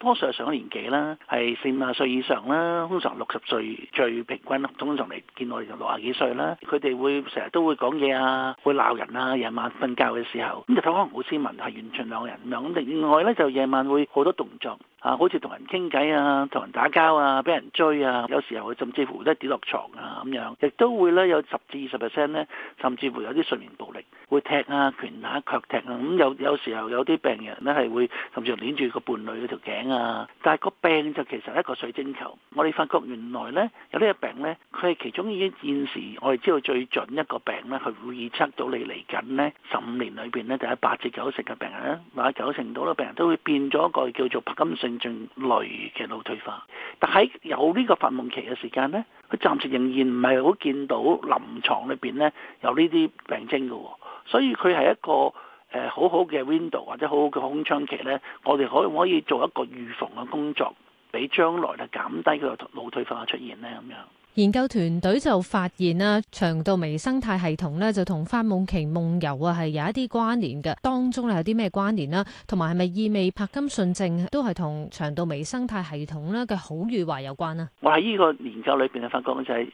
多數上咗年紀啦，係四五十歲以上啦，通常六十歲最平均。通常嚟見我哋就六廿幾歲啦。佢哋會成日都會講嘢啊，會鬧人啊，夜晚瞓覺嘅時候咁就可能好斯文，係完全兩人咁樣。另外咧就夜晚會好多動作啊，好似同人傾偈啊，同人打交啊，俾人追啊，有時候甚至乎都係跌落床啊咁樣。亦都會咧有十至二十 percent 咧，甚至乎有啲睡眠暴力。會踢啊、拳打、腳踢啊，咁有有時候有啲病人咧係會甚至連住個伴侶嗰條頸啊。但係個病就其實係一個水晶球。我哋發覺原來咧有呢個病咧，佢係其中已經現時我哋知道最準一個病咧，係會預測到你嚟緊咧十五年裏邊咧，就係八至九成嘅病人咧，九成到咧，病人都會變咗一個叫做柏金遜症類嘅腦退化。但喺有呢個發夢期嘅時間咧，佢暫時仍然唔係好見到臨牀裏邊咧有呢啲病徵嘅喎。所以佢係一個誒、呃、好好嘅 window 或者好好嘅空窗期咧，我哋可唔可以做一個預防嘅工作，俾將來咧減低佢個腦退化出現咧咁樣。研究團隊就發現啦，腸道微生態系統咧就同發夢期夢遊啊係有一啲關聯嘅，當中咧有啲咩關聯啦？同埋係咪意味柏金遜症都係同腸道微生態系統咧嘅好與壞有關啊？我喺呢個研究裏邊啊發覺就係誒，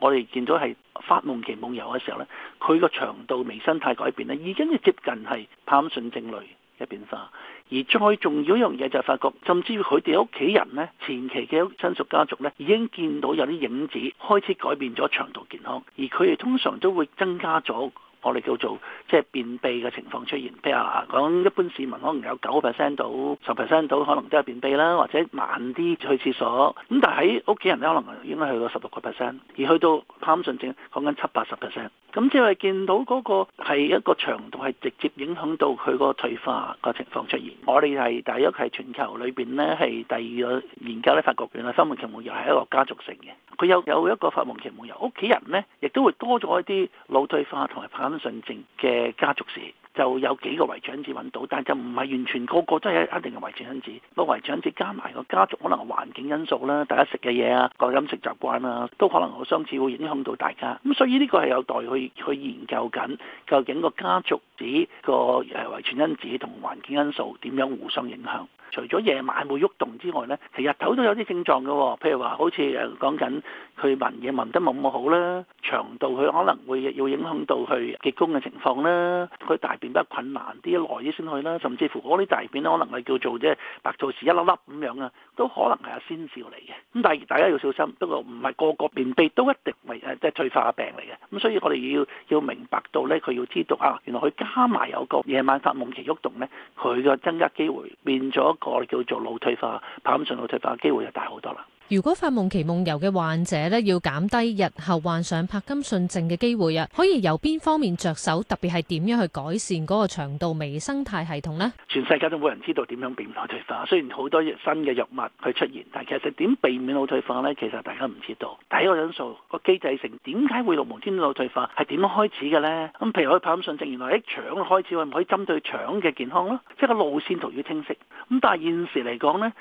我哋見到係發夢期夢遊嘅時候咧，佢個腸道微生態改變咧已經接近係柏金遜症類。嘅變化，而再重要一樣嘢就係發覺，甚至於佢哋屋企人呢，前期嘅親屬家族呢，已經見到有啲影子開始改變咗腸道健康，而佢哋通常都會增加咗。我哋叫做即係便秘嘅情況出現，譬如講一般市民可能有九 percent 到十 percent 到可能都有便秘啦，或者慢啲去廁所，咁但係喺屋企人咧可能應該去到十六個 percent，而去到柏金遜症講緊七八十 percent，咁即係見到嗰個係一個長度係直接影響到佢個退化嘅情況出現。我哋係大約係全球裏邊呢係第二個研究咧發覺，原來發夢期夢遊係一個家族性嘅，佢有有一個發夢期夢遊，屋企人呢亦都會多咗一啲腦退化同埋純正嘅家族史。就有幾個遺傳因子揾到，但就唔係完全個個都係一定嘅遺傳因子。個遺傳因子加埋個家族可能環境因素啦，大家食嘅嘢啊，個飲食習慣啦，都可能好相似，會影響到大家。咁所以呢個係有待去去研究緊，究竟個家族史個誒遺傳因子同環境因素點樣互相影響。除咗夜晚會喐動，動之外呢，其實日頭都有啲症狀嘅、哦，譬如話好似誒講緊佢聞嘢聞得冇咁好啦，腸道佢可能會要影響到佢結宮嘅情況啦，佢大。有變得困難啲，耐啲先去啦，甚至乎嗰啲大便咧，可能係叫做即係白兔屎一粒粒咁樣啊，都可能係阿先兆嚟嘅。咁但係大家要小心，不過唔係個個便秘都一定係誒即係退化嘅病嚟嘅。咁所以我哋要要明白到咧，佢要知道啊，原來佢加埋有個夜晚發夢期喐動咧，佢嘅增加機會變咗一個叫做腦退化、柏金遜腦退化嘅機會就大好多啦。如果發夢期夢遊嘅患者咧，要減低日後患上柏金遜症嘅機會啊，可以由邊方面着手？特別係點樣去改善嗰個腸道微生態系統呢？全世界都冇人知道點樣避免腦退化。雖然好多新嘅藥物去出現，但其實點避免腦退化呢？其實大家唔知道。第一個因素，個機制性點解會腦退化？係點樣開始嘅呢？咁譬如我柏金遜症，原來喺腸開始，我咪可以針對腸嘅健康咯，即係個路線圖要清晰。咁但係現時嚟講呢，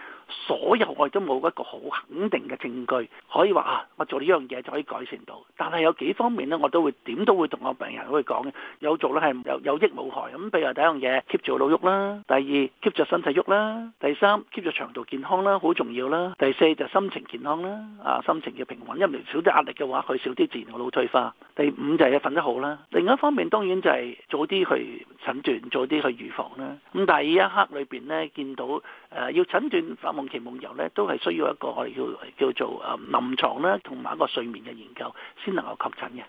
所有我亦都冇一個好穩定嘅證據可以話啊，我做呢樣嘢就可以改善到。但係有幾方面咧，我都會點都會同我病人去講嘅。有做咧係有有益無害。咁譬如話第一樣嘢，keep 住個腦喐啦；第二，keep 住身體喐啦；第三，keep 住腸道健康啦，好重要啦；第四就心情健康啦。啊，心情嘅平穩，因為少啲壓力嘅話，佢少啲自然個腦退化。第五就係瞓得好啦，另一方面當然就係早啲去診斷，早啲去預防啦。咁但係呢一刻裏邊咧，見到誒、呃、要診斷發夢期夢遊咧，都係需要一個我哋叫叫做誒、呃、臨床啦，同埋一個睡眠嘅研究先能夠確診嘅。